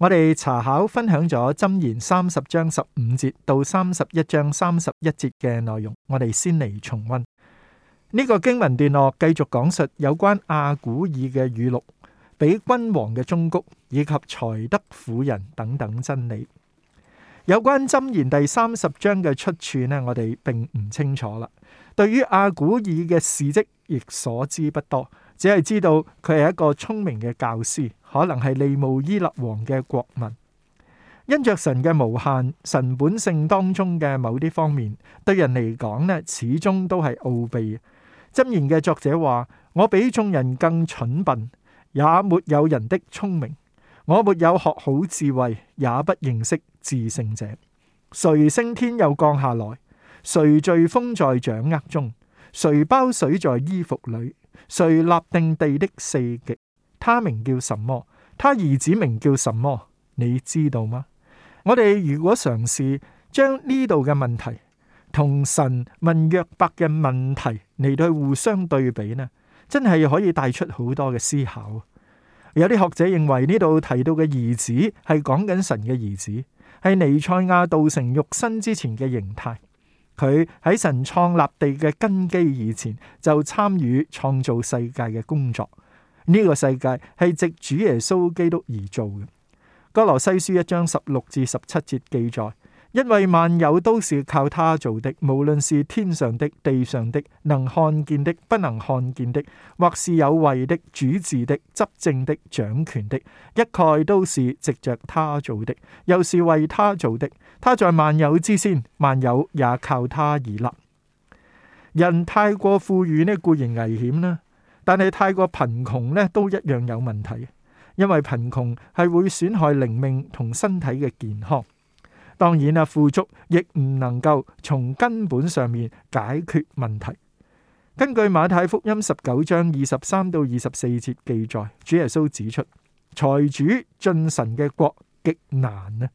我哋查考分享咗《箴言》三十章十五節到三十一章三十一節嘅內容，我哋先嚟重溫呢、這個經文段落，繼續講述有關阿古爾嘅語錄，俾君王嘅忠告以及才德婦人等等真理。有關《箴言》第三十章嘅出處呢，我哋並唔清楚啦。對於阿古爾嘅事跡，亦所知不多。只係知道佢係一個聰明嘅教師，可能係利慕伊勒王嘅國民。因着神嘅無限，神本性當中嘅某啲方面，對人嚟講呢，始終都係奧秘。箴言嘅作者話：我比眾人更蠢笨，也沒有人的聰明。我沒有學好智慧，也不認識至聖者。誰升天又降下來？誰聚風在掌握中？誰包水在衣服裏？誰立定地的四極？他名叫什麼？他兒子名叫什麼？你知道嗎？我哋如果嘗試將呢度嘅問題同神問約伯嘅問題嚟到互相對比呢，真係可以帶出好多嘅思考。有啲學者認為呢度提到嘅兒子係講緊神嘅兒子，係尼賽亞道成肉身之前嘅形態。佢喺神創立地嘅根基以前，就參與創造世界嘅工作。呢個世界係藉主耶穌基督而做嘅。哥羅西書一章十六至十七節記載。因為萬有都是靠他做的，無論是天上的、地上的、能看見的、不能看見的，或是有位的、主治的、執政的、掌權的，一概都是藉着他做的，又是為他做的。他在萬有之先，萬有也靠他而立。人太過富裕呢固，固然危險啦，但係太過貧窮呢都一樣有問題，因為貧窮係會損害靈命同身體嘅健康。當然啊，富足亦唔能夠從根本上面解決問題。根據馬太福音十九章二十三到二十四節記載，主耶穌指出，財主進神嘅國極難呢。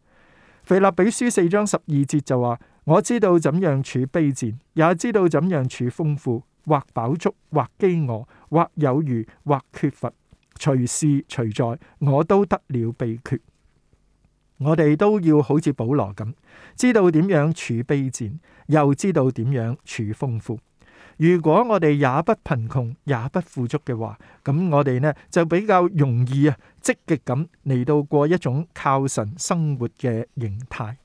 腓立比書四章十二節就話：我知道怎樣處卑賤，也知道怎樣處豐富，或飽足，或飢餓，或有餘，或缺乏，隨時隨在，我都得了秘訣。我哋都要好似保羅咁，知道點樣處卑賤，又知道點樣處豐富。如果我哋也不貧窮，也不富足嘅話，咁我哋呢就比較容易啊，積極咁嚟到過一種靠神生活嘅形態。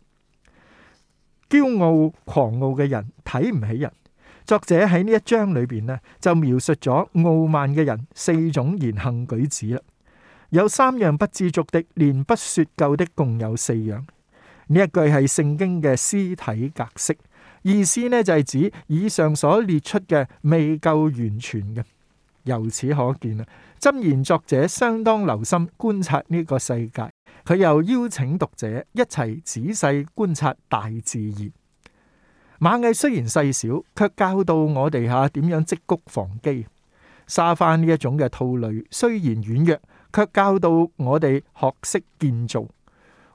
驕傲狂傲嘅人睇唔起人。作者喺呢一章裏邊呢就描述咗傲慢嘅人四種言行舉止啦。有三樣不知足的，連不說夠的，共有四樣。呢一句係聖經嘅詩體格式，意思呢就係、是、指以上所列出嘅未夠完全嘅。由此可見啊，箴言作者相當留心觀察呢個世界，佢又邀請讀者一齊仔細觀察大自然。螞蟻雖然細小，卻教導我哋吓點樣積谷防饑。沙番呢一種嘅套類雖然軟弱。卻教導我哋學識建造，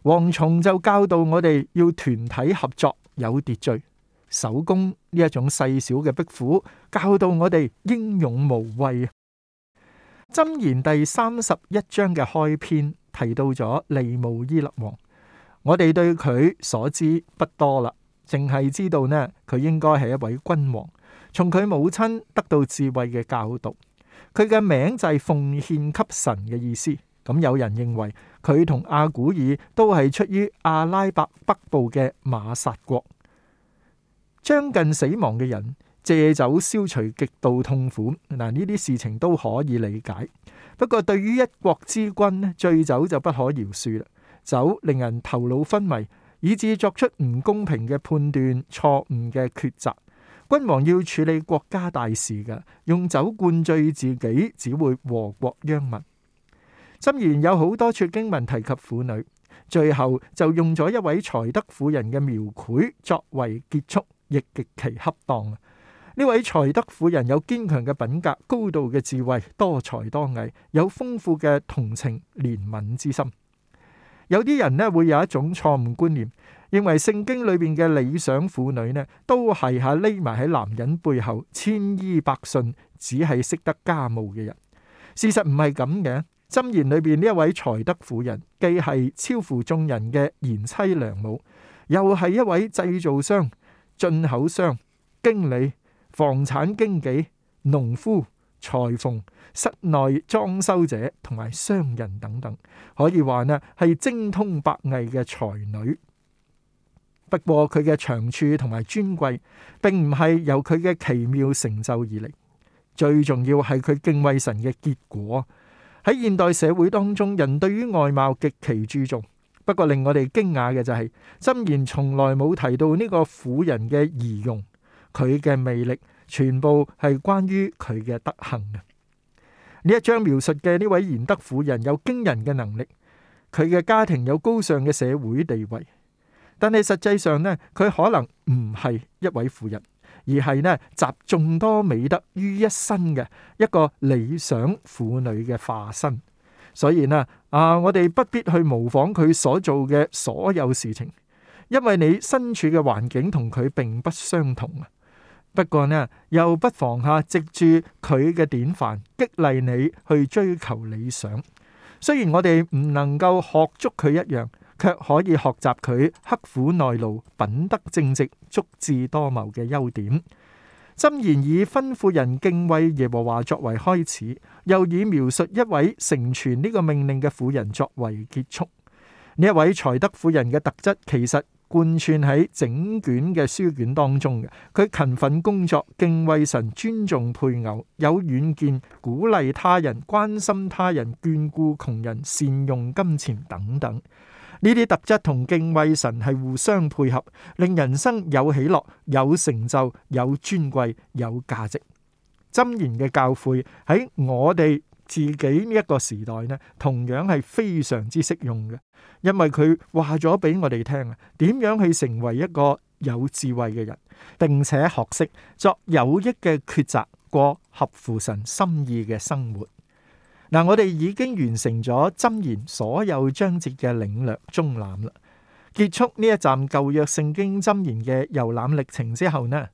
蝗蟲，就教導我哋要團體合作、有秩序，守宮呢一種細小嘅壁虎，教導我哋英勇無畏。箴言第三十一章嘅開篇提到咗利慕伊勒王，我哋對佢所知不多啦，淨係知道呢，佢應該係一位君王，從佢母親得到智慧嘅教導。佢嘅名就係奉獻給神嘅意思。咁有人認為佢同阿古爾都係出於阿拉伯北部嘅馬薩國。將近死亡嘅人借酒消除極度痛苦，嗱，呢啲事情都可以理解。不過對於一國之君醉酒就不可饒恕啦。酒令人頭腦昏迷，以致作出唔公平嘅判斷、錯誤嘅抉擇。君王要處理國家大事嘅，用酒灌醉自己，只會禍國殃民。箴言有好多處經文提及婦女，最後就用咗一位才德婦人嘅描繪作為結束，亦極其恰當。呢位才德婦人有堅強嘅品格、高度嘅智慧、多才多藝，有豐富嘅同情憐憫之心。有啲人呢會有一種錯誤觀念，認為聖經裏邊嘅理想婦女呢都係吓匿埋喺男人背後，千依百順，只係識得家務嘅人。事實唔係咁嘅，箴言裏邊呢一位才德婦人，既係超乎眾人嘅賢妻良母，又係一位製造商、進口商、經理、房產經紀、農夫。裁縫、室內裝修者同埋商人等等，可以話呢係精通百藝嘅才女。不過佢嘅長處同埋尊貴，並唔係由佢嘅奇妙成就而嚟，最重要係佢敬畏神嘅結果。喺現代社會當中，人對於外貌極其注重。不過令我哋驚訝嘅就係、是，箴言從來冇提到呢個婦人嘅儀容，佢嘅魅力。全部係關於佢嘅德行啊！呢一章描述嘅呢位賢德婦人有驚人嘅能力，佢嘅家庭有高尚嘅社會地位，但係實際上呢，佢可能唔係一位婦人，而係呢集眾多美德於一身嘅一個理想婦女嘅化身。所以呢，啊，我哋不必去模仿佢所做嘅所有事情，因為你身處嘅環境同佢並不相同啊！不過呢，又不妨吓，藉住佢嘅典範，激勵你去追求理想。雖然我哋唔能夠學足佢一樣，卻可以學習佢刻苦耐勞、品德正直、足智多謀嘅優點。箴言以吩咐人敬畏耶和華作為開始，又以描述一位成全呢個命令嘅婦人作為結束。呢一位才德婦人嘅特質其實貫穿喺整卷嘅書卷當中嘅，佢勤奮工作，敬畏神，尊重配偶，有遠見，鼓勵他人，關心他人，眷顧窮人，善用金錢等等，呢啲特質同敬畏神係互相配合，令人生有喜樂、有成就、有尊貴、有價值。箴言嘅教誨喺我哋自己呢一個時代呢，同樣係非常之適用嘅，因為佢話咗俾我哋聽啊，點樣去成為一個有智慧嘅人，並且學識作有益嘅抉擇，過合乎神心意嘅生活。嗱、嗯，我哋已經完成咗箴言，所有章節嘅領略中覽啦。結束呢一站舊約聖經箴言嘅遊覽歷程之後呢，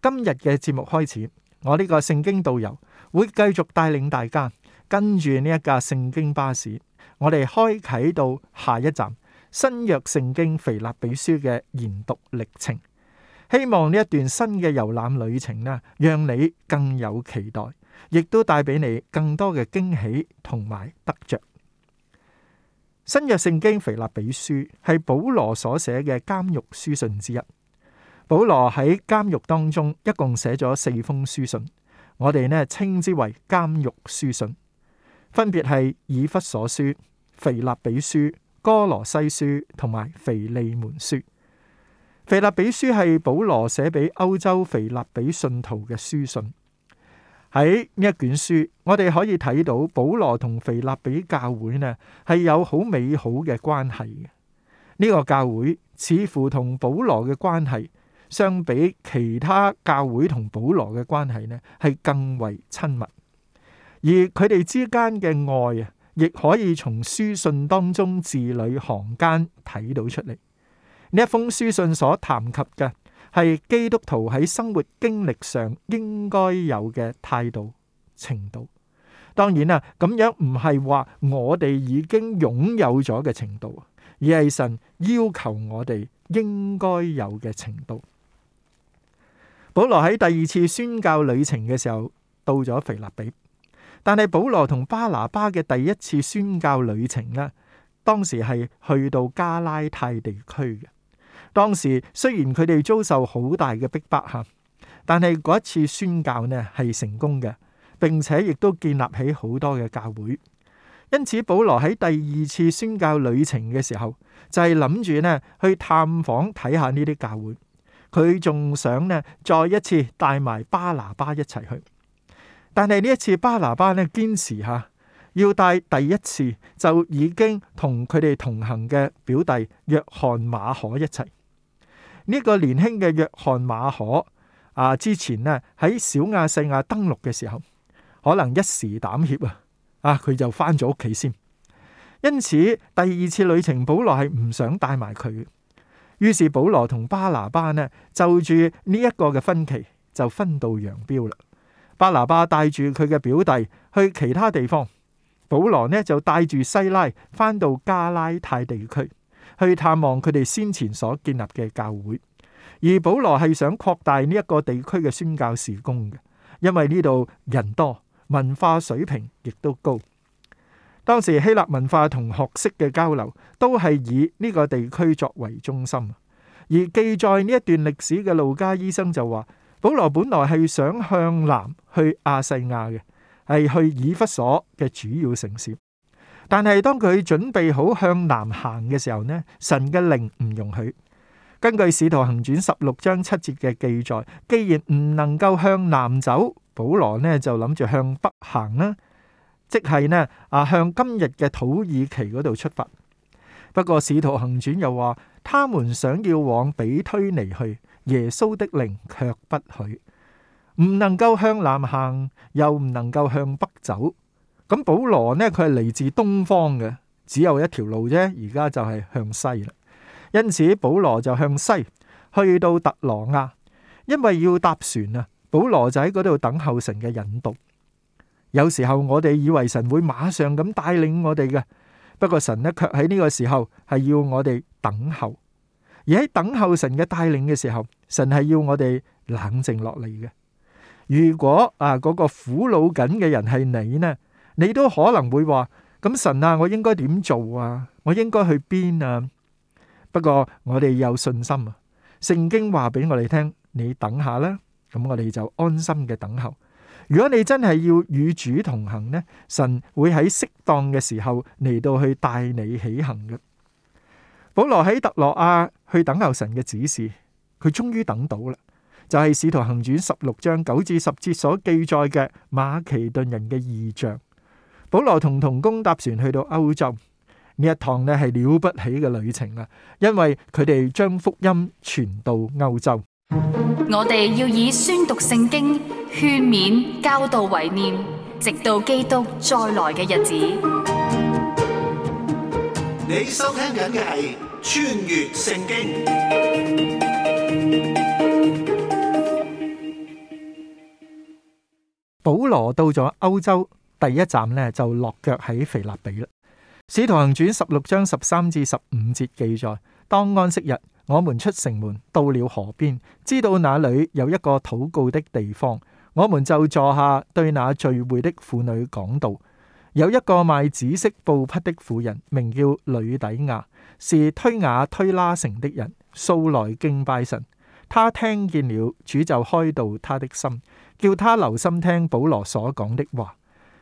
今日嘅節目開始，我呢個聖經導遊會繼續帶領大家，跟住呢一架聖經巴士，我哋開啟到下一站新約聖經腓立比書嘅研讀歷程。希望呢一段新嘅遊覽旅程呢，讓你更有期待，亦都帶俾你更多嘅驚喜同埋得着。新約聖經腓立比書係保羅所寫嘅監獄書信之一。保羅喺監獄當中一共寫咗四封書信，我哋呢稱之為監獄書信。分別係以弗所書、腓立比書、哥羅西書同埋腓利門書。腓立比書係保羅寫俾歐洲腓立比信徒嘅書信。喺呢一卷書，我哋可以睇到保羅同腓立比教會呢係有好美好嘅關係嘅。呢個教會似乎同保羅嘅關係相比，其他教會同保羅嘅關係呢係更為親密。而佢哋之間嘅愛啊，亦可以從書信當中字裏行間睇到出嚟。呢一封書信所談及嘅係基督徒喺生活經歷上應該有嘅態度程度。當然啦，咁樣唔係話我哋已經擁有咗嘅程度，而係神要求我哋應該有嘅程度。保羅喺第二次宣教旅程嘅時候，到咗腓立比。但係保羅同巴拿巴嘅第一次宣教旅程呢，當時係去到加拉太地區嘅。當時雖然佢哋遭受好大嘅逼迫吓，但係嗰一次宣教呢，係成功嘅，並且亦都建立起好多嘅教會。因此保羅喺第二次宣教旅程嘅時候，就係諗住呢去探訪睇下呢啲教會，佢仲想呢再一次帶埋巴拿巴一齊去。但係呢，一次巴拿巴咧堅持下，要帶第一次就已經同佢哋同行嘅表弟約翰馬可一齊。呢個年輕嘅約翰馬可啊，之前咧喺小亞細亞登陸嘅時候，可能一時膽怯啊，啊佢就翻咗屋企先。因此第二次旅程保羅係唔想帶埋佢，於是保羅同巴拿巴咧就住呢一個嘅分歧就分道揚鑣啦。巴拿巴帶住佢嘅表弟去其他地方，保羅呢就帶住西拉翻到加拉太地區去探望佢哋先前所建立嘅教會，而保羅係想擴大呢一個地區嘅宣教事工嘅，因為呢度人多，文化水平亦都高。當時希臘文化同學識嘅交流都係以呢個地區作為中心，而記載呢一段歷史嘅路加醫生就話。保羅本來係想向南去亞細亞嘅，係去以弗所嘅主要城市。但係當佢準備好向南行嘅時候呢，神嘅靈唔容許。根據《使徒行傳》十六章七節嘅記載，既然唔能夠向南走，保羅呢就諗住向北行啦，即係呢啊向今日嘅土耳其嗰度出發。不過《使徒行傳》又話，他們想要往比推尼去。耶穌的靈卻不許，唔能夠向南行，又唔能夠向北走。咁保羅呢？佢係嚟自東方嘅，只有一條路啫。而家就係向西啦。因此保羅就向西去到特羅亞，因為要搭船啊。保羅就喺嗰度等候神嘅引導。有時候我哋以為神會馬上咁帶領我哋嘅，不過神呢卻喺呢個時候係要我哋等候。而喺等候神嘅帶領嘅時候。神係要我哋冷靜落嚟嘅。如果啊嗰個苦惱緊嘅人係你呢，你都可能會話：咁神啊，我應該點做啊？我應該去邊啊？不過我哋有信心啊。聖經話俾我哋聽：你等下啦，咁我哋就安心嘅等候。如果你真係要與主同行呢，神會喺適當嘅時候嚟到去帶你起行嘅。保羅喺特羅亞去等候神嘅指示。佢終於等到啦，就係使徒行傳十六章九至十節所記載嘅馬其頓人嘅異象。保羅同同工搭船去到歐洲，呢一趟咧係了不起嘅旅程啊！因為佢哋將福音傳到歐洲。我哋要以宣讀聖經、勸勉、教導為念，直到基督再來嘅日子。你收聽緊嘅係穿越聖經。保羅到咗歐洲第一站呢，就落腳喺腓立比啦。《使徒行傳》十六章十三至十五節記載：當安息日，我們出城門，到了河邊，知道那裏有一個禱告的地方，我們就坐下，對那聚會的婦女講道。有一個賣紫色布匹的婦人，名叫呂底亞，是推瓦推拉城的人，素來敬拜神。他聽見了主就開導他的心，叫他留心聽保羅所講的話。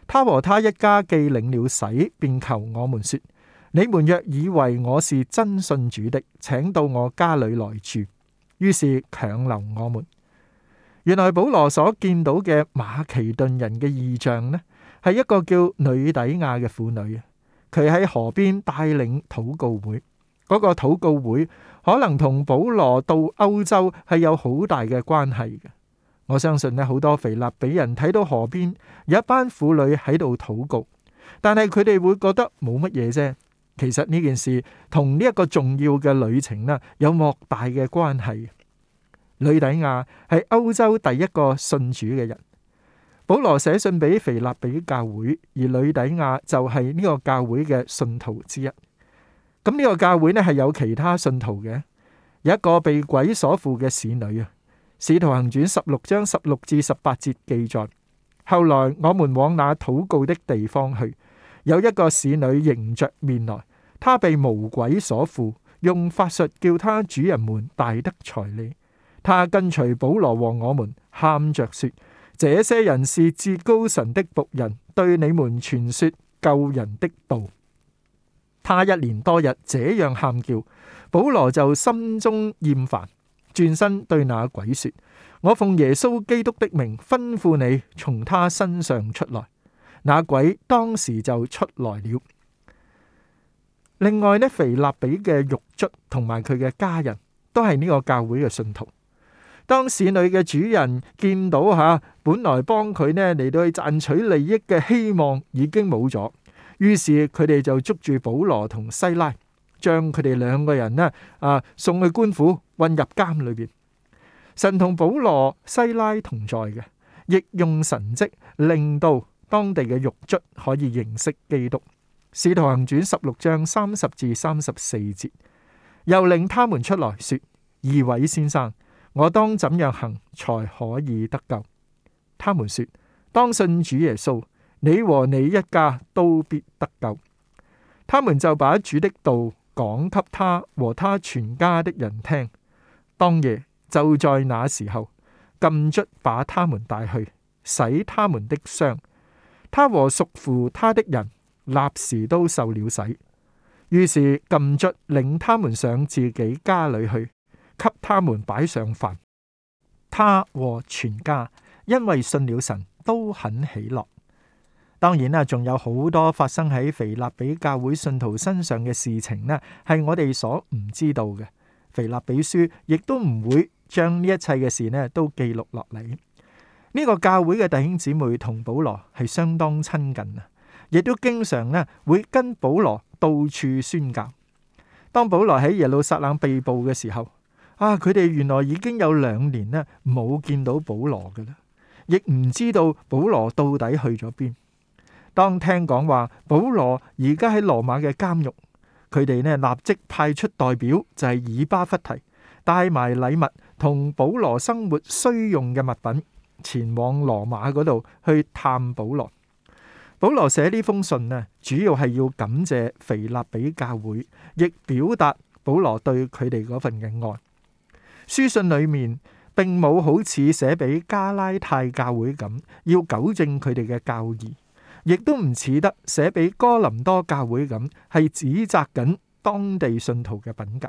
他和他一家既領了洗，便求我們說：你們若以為我是真信主的，請到我家裏來住。於是強留我們。原來保羅所見到嘅馬其頓人嘅異象呢，係一個叫女底亞嘅婦女，佢喺河邊帶領禱告會。嗰個禱告會可能同保羅到歐洲係有好大嘅關係嘅，我相信呢好多腓立比人睇到河邊有一班婦女喺度禱告，但係佢哋會覺得冇乜嘢啫。其實呢件事同呢一個重要嘅旅程呢有莫大嘅關係。呂底亞係歐洲第一個信主嘅人，保羅寫信俾腓立比教會，而呂底亞就係呢個教會嘅信徒之一。咁呢個教會呢係有其他信徒嘅，有一個被鬼所附嘅使女啊，《使徒行傳》十六章十六至十八節記載。後來我們往那禱告的地方去，有一個使女迎着面來，她被巫鬼所附，用法術叫她主人們大得財利。她跟隨保羅和我們，喊着說：這些人是至高神的僕人，對你們傳說救人的道。他一連多日這樣喊叫，保羅就心中厭煩，轉身對那鬼說：我奉耶穌基督的名吩咐你從他身上出來。那鬼當時就出來了。另外呢，腓立比嘅獄卒同埋佢嘅家人，都係呢個教會嘅信徒。當使女嘅主人見到吓，本來幫佢呢嚟到去賺取利益嘅希望已經冇咗。於是佢哋就捉住保羅同西拉，將佢哋兩個人呢啊送去官府，混入監裏邊。神同保羅、西拉同在嘅，亦用神跡令到當地嘅獄卒可以認識基督。使徒行傳十六章三十至三十四節，又領他們出來說：二位先生，我當怎樣行才可以得救？他們說：當信主耶穌。你和你一家都必得救。他們就把主的道講給他和他全家的人聽。當夜就在那時候，禁卒把他們帶去洗他們的傷。他和屬乎他的人立時都受了洗。於是禁卒領他們上自己家裏去，給他們擺上飯。他和全家因為信了神，都很喜樂。當然啦，仲有好多發生喺腓立比教會信徒身上嘅事情呢，係我哋所唔知道嘅。腓立比書亦都唔會將呢一切嘅事呢都記錄落嚟。呢個教會嘅弟兄姊妹同保羅係相當親近啊，亦都經常呢會跟保羅到處宣教。當保羅喺耶路撒冷被捕嘅時候啊，佢哋原來已經有兩年呢冇見到保羅㗎喇，亦唔知道保羅到底去咗邊。當聽講話保羅而家喺羅馬嘅監獄，佢哋咧立即派出代表，就係以巴弗提帶埋禮物同保羅生活需用嘅物品前往羅馬嗰度去探保羅。保羅寫呢封信啊，主要係要感謝腓立比教會，亦表達保羅對佢哋嗰份嘅愛。書信裏面並冇好似寫俾加拉太教會咁要糾正佢哋嘅教義。亦都唔似得寫俾哥林多教會咁，係指責緊當地信徒嘅品格。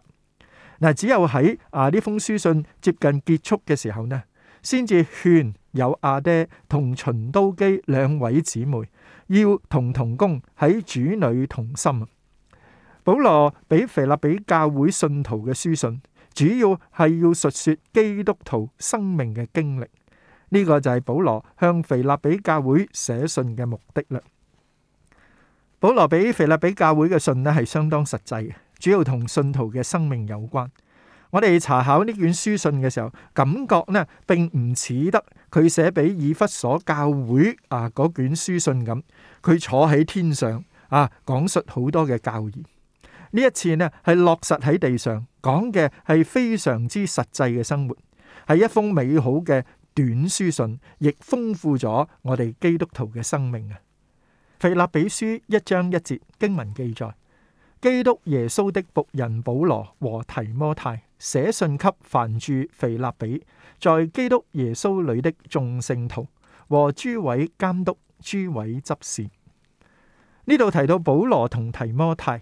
嗱，只有喺啊呢封書信接近結束嘅時候呢，先至勸有阿爹同秦都基兩位姊妹要同工同工喺主女同心啊！保羅俾腓立比教會信徒嘅書信，主要係要述說基督徒生命嘅經歷。呢個就係保羅向腓立比教會寫信嘅目的啦。保羅俾腓立比教會嘅信呢，係相當實際，主要同信徒嘅生命有關。我哋查考呢卷書信嘅時候，感覺呢並唔似得佢寫俾以弗所教會啊嗰卷書信咁，佢坐喺天上啊講述好多嘅教義。呢一次呢係落實喺地上，講嘅係非常之實際嘅生活，係一封美好嘅。短書信亦豐富咗我哋基督徒嘅生命啊！腓立比書一章一節經文記載：基督耶穌的僕人保羅和提摩太寫信給凡住腓立比，在基督耶穌裏的眾聖徒和諸位監督、諸位執事。呢度提到保羅同提摩太。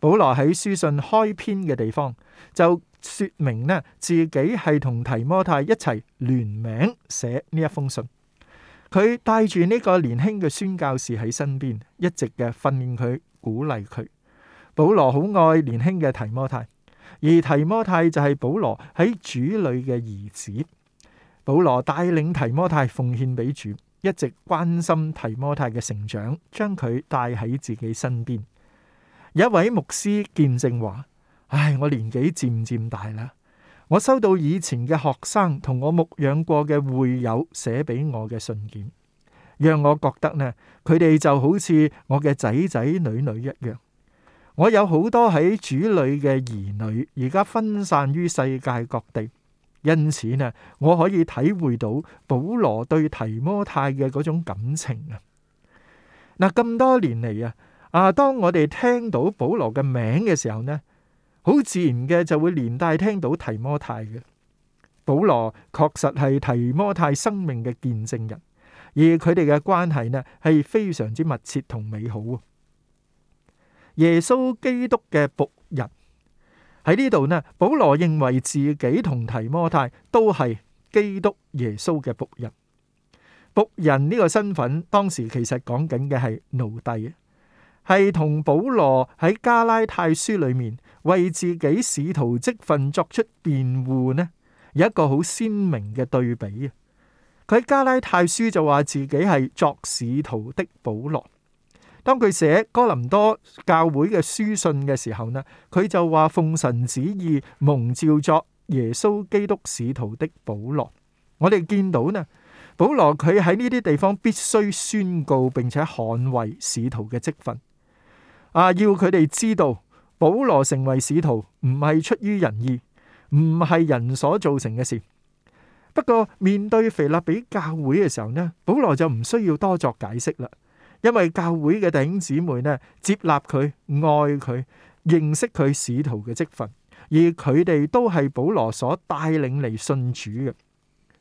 保羅喺書信開篇嘅地方就說明呢，自己係同提摩太一齊聯名寫呢一封信。佢帶住呢個年輕嘅宣教士喺身邊，一直嘅訓練佢、鼓勵佢。保羅好愛年輕嘅提摩太，而提摩太就係保羅喺主裏嘅兒子。保羅帶領提摩太奉獻俾主，一直關心提摩太嘅成長，將佢帶喺自己身邊。一位牧師見證話：「唉，我年紀漸漸大啦，我收到以前嘅學生同我牧養過嘅會友寫俾我嘅信件，讓我覺得呢，佢哋就好似我嘅仔仔女女一樣。我有好多喺主裏嘅兒女，而家分散於世界各地，因此呢，我可以體會到保羅對提摩太嘅嗰種感情啊。嗱，咁多年嚟啊。啊！當我哋聽到保羅嘅名嘅時候呢，好自然嘅就會連帶聽到提摩太嘅。保羅確實係提摩太生命嘅見證人，而佢哋嘅關係呢係非常之密切同美好。耶穌基督嘅僕人喺呢度呢，保羅認為自己同提摩太都係基督耶穌嘅僕人。僕人呢個身份，當時其實講緊嘅係奴隸。係同保羅喺加拉太書裏面為自己使徒職分作出辯護呢，有一個好鮮明嘅對比啊！佢喺加拉太書就話自己係作使徒的保羅。當佢寫哥林多教會嘅書信嘅時候呢，佢就話奉神旨意蒙召作耶穌基督使徒的保羅。我哋見到呢，保羅佢喺呢啲地方必須宣告並且捍衛使徒嘅職分。啊！要佢哋知道保羅成為使徒唔係出於人意，唔係人所造成嘅事。不過面對腓立比教會嘅時候呢，保羅就唔需要多作解釋啦，因為教會嘅弟兄姊妹呢接納佢、愛佢、認識佢使徒嘅職分，而佢哋都係保羅所帶領嚟信主嘅。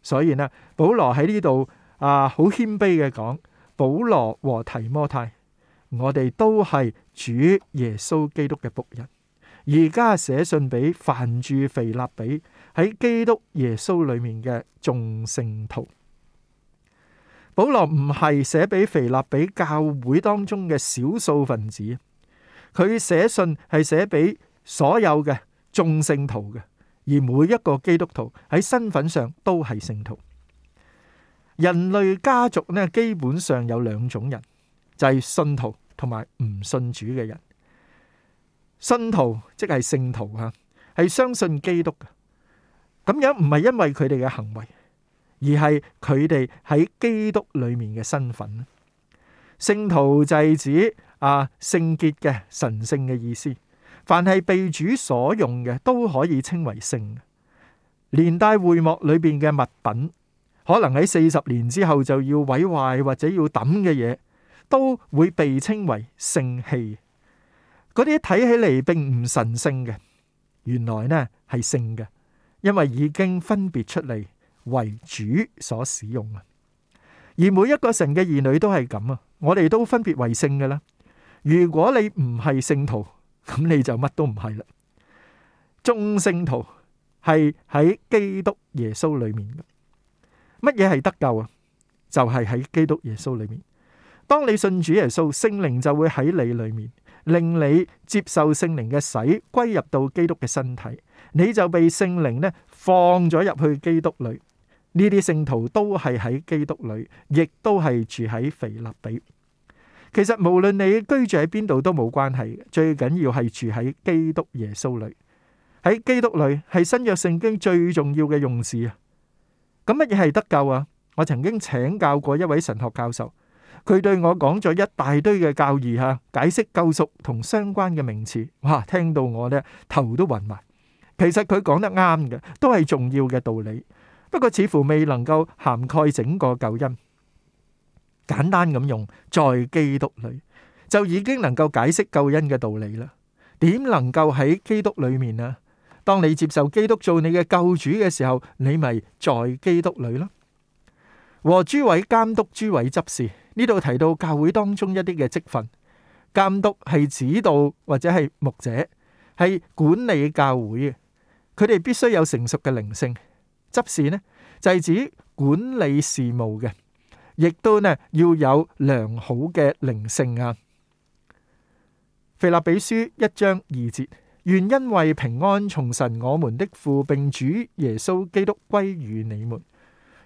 所以呢，保羅喺呢度啊好謙卑嘅講，保羅和提摩太。我哋都係主耶穌基督嘅僕人，而家寫信俾凡住腓立比喺基督耶穌裏面嘅眾聖徒。保羅唔係寫俾腓立比教會當中嘅少數分子，佢寫信係寫俾所有嘅眾聖徒嘅，而每一個基督徒喺身份上都係聖徒。人類家族呢，基本上有兩種人。就係信徒同埋唔信主嘅人。信徒即係聖徒啊，係相信基督嘅。咁樣，唔係因為佢哋嘅行為，而係佢哋喺基督裏面嘅身份。聖徒就係指啊聖潔嘅、神聖嘅意思。凡係被主所用嘅，都可以稱為聖。連帶，會幕裏邊嘅物品，可能喺四十年之後就要毀壞或者要抌嘅嘢，都會被稱為聖器，嗰啲睇起嚟並唔神聖嘅，原來呢係聖嘅，因為已經分別出嚟為主所使用啊。而每一個神嘅兒女都係咁啊，我哋都分別為聖嘅啦。如果你唔係聖徒，咁你就乜都唔係啦。眾聖徒係喺基督耶穌裏面嘅，乜嘢係得救啊？就係喺基督耶穌裏面。當你信主耶穌，聖靈就會喺你裏面，令你接受聖靈嘅洗，歸入到基督嘅身體，你就被聖靈呢放咗入去基督裏。呢啲聖徒都係喺基督裏，亦都係住喺腓立比。其實無論你居住喺邊度都冇關係，最緊要係住喺基督耶穌裏。喺基督裏係新約聖經最重要嘅用字啊！咁乜嘢係得救啊？我曾經請教過一位神學教授。佢對我講咗一大堆嘅教義，吓解釋救贖同相關嘅名詞。哇，聽到我呢頭都暈埋。其實佢講得啱嘅，都係重要嘅道理。不過似乎未能夠涵蓋整個救恩。簡單咁用在基督裏就已經能夠解釋救恩嘅道理啦。點能夠喺基督裡面啊？當你接受基督做你嘅救主嘅時候，你咪在基督裏咯。和諸位監督、諸位執事。呢度提到教會當中一啲嘅職分，監督係指導或者係牧者，係管理教會嘅，佢哋必須有成熟嘅靈性。執事呢就係指管理事務嘅，亦都呢要有良好嘅靈性啊。腓立比書一章二節，願恩惠、平安從神我們的父並主耶穌基督歸於你們，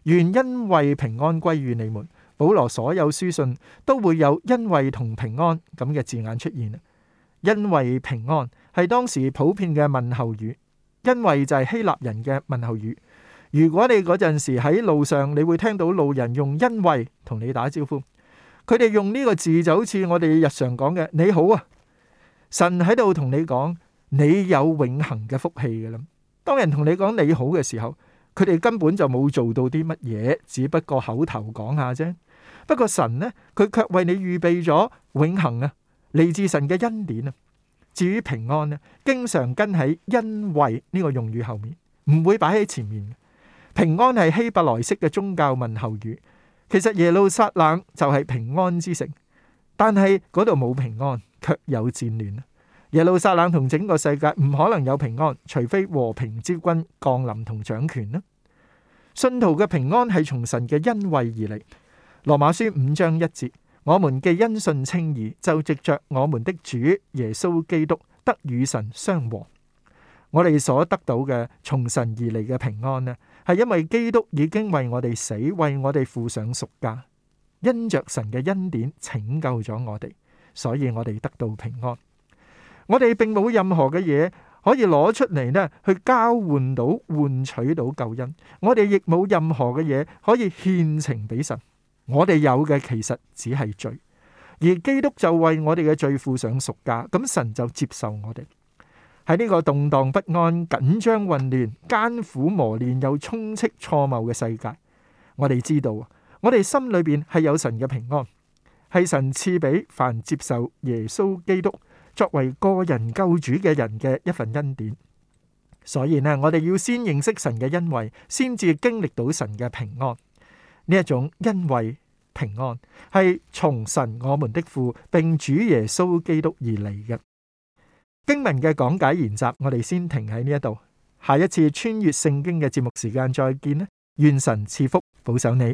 願恩惠、平安歸於你們。保羅所有書信都會有恩惠同平安咁嘅字眼出現啊，恩惠平安係當時普遍嘅問候語，恩惠就係、是、希臘人嘅問候語。如果你嗰陣時喺路上，你會聽到路人用恩惠同你打招呼，佢哋用呢個字就好似我哋日常講嘅你好啊。神喺度同你講，你有永恒嘅福氣㗎啦。當人同你講你好嘅時候。佢哋根本就冇做到啲乜嘢，只不過口頭講下啫。不過神呢，佢卻為你預備咗永恆啊，嚟自神嘅恩典啊。至於平安呢、啊，經常跟喺恩惠呢個用語後面，唔會擺喺前面。平安係希伯來式嘅宗教問候語，其實耶路撒冷就係平安之城，但係嗰度冇平安，卻有戰亂。耶路撒冷同整個世界唔可能有平安，除非和平之君降臨同掌權呢。信徒嘅平安係從神嘅恩惠而嚟。《羅馬書》五章一節，我們既因信稱義，就藉着我們的主耶穌基督得與神相和。我哋所得到嘅從神而嚟嘅平安呢，係因為基督已經為我哋死，為我哋付上贖價，因着神嘅恩典拯救咗我哋，所以我哋得到平安。我哋並冇任何嘅嘢可以攞出嚟呢，去交換到換取到救恩。我哋亦冇任何嘅嘢可以獻情俾神。我哋有嘅其實只係罪，而基督就為我哋嘅罪付上贖價。咁神就接受我哋喺呢個動盪不安、緊張混亂、艱苦磨練又充斥錯謬嘅世界。我哋知道，我哋心裏邊係有神嘅平安，係神賜俾凡接受耶穌基督作為個人救主嘅人嘅一份恩典，所以呢，我哋要先認識神嘅恩惠，先至經歷到神嘅平安。呢一種恩惠平安，係從神我們的父並主耶穌基督而嚟嘅。經文嘅講解研習，我哋先停喺呢一度，下一次穿越聖經嘅節目時間再見啦，願神賜福保守你。